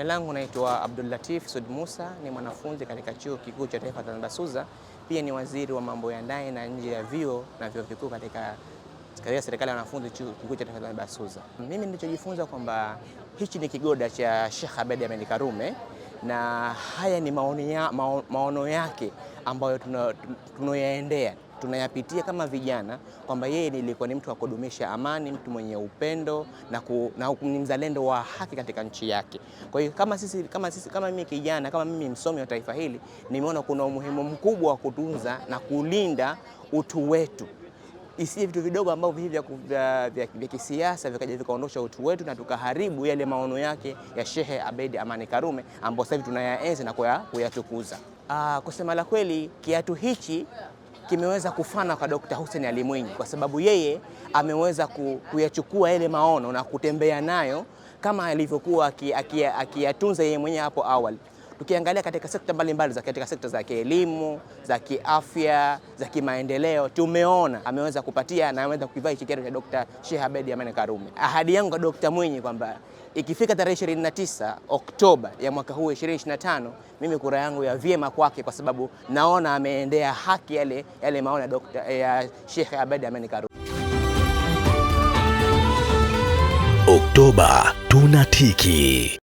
Jina langu naitwa Abdul Latif Sud Musa, ni mwanafunzi katika Chuo Kikuu cha Taifa Tanzania pia ni waziri wa mambo ya ndani na nje ya vyuo na vyuo vikuu katika katika serikali ya wanafunzi Chuo Kikuu cha Taifa Tanzania. Mimi nilichojifunza kwamba hichi ni kigoda cha Sheikh Abeid Amani Karume na haya ni maono yake ambayo tunayoendea tunayapitia kama vijana kwamba yeye nilikuwa ni mtu wa kudumisha amani, mtu mwenye upendo na, ku, na ni mzalendo wa haki katika nchi yake. Kwa hiyo kama sisi, kama sisi, kama mimi kijana, kama mimi msomi wa taifa hili, nimeona kuna umuhimu mkubwa wa kutunza na kulinda utu wetu isije vitu vidogo ambavyo hivi vya kisiasa vikaja vikaondosha utu wetu na tukaharibu yale maono yake ya Shehe Abeid Amani Karume ambayo sasa hivi tunayaenzi na kuyatukuza. Ah, kusema la kweli kiatu hichi kimeweza kufana kwa Dr. Hussein Ali Mwinyi kwa sababu yeye ameweza kuyachukua yale maono na kutembea nayo kama alivyokuwa akiyatunza yeye mwenyewe hapo awali tukiangalia katika sekta mbalimbali mbali, katika sekta za kielimu, za kiafya, za kimaendeleo, tumeona ameweza kupatia na ameweza kuivaa hichi cha Dr. Sheikh Abeid Amani Karume. Ahadi yangu kwa Dr. Mwinyi kwamba ikifika tarehe 29 Oktoba ya mwaka huu 2025, mimi kura yangu ya vyema kwake, kwa sababu naona ameendea haki yale yale maono ya Dr. ya Sheikh Abeid Amani Karume. Oktoba tunatiki.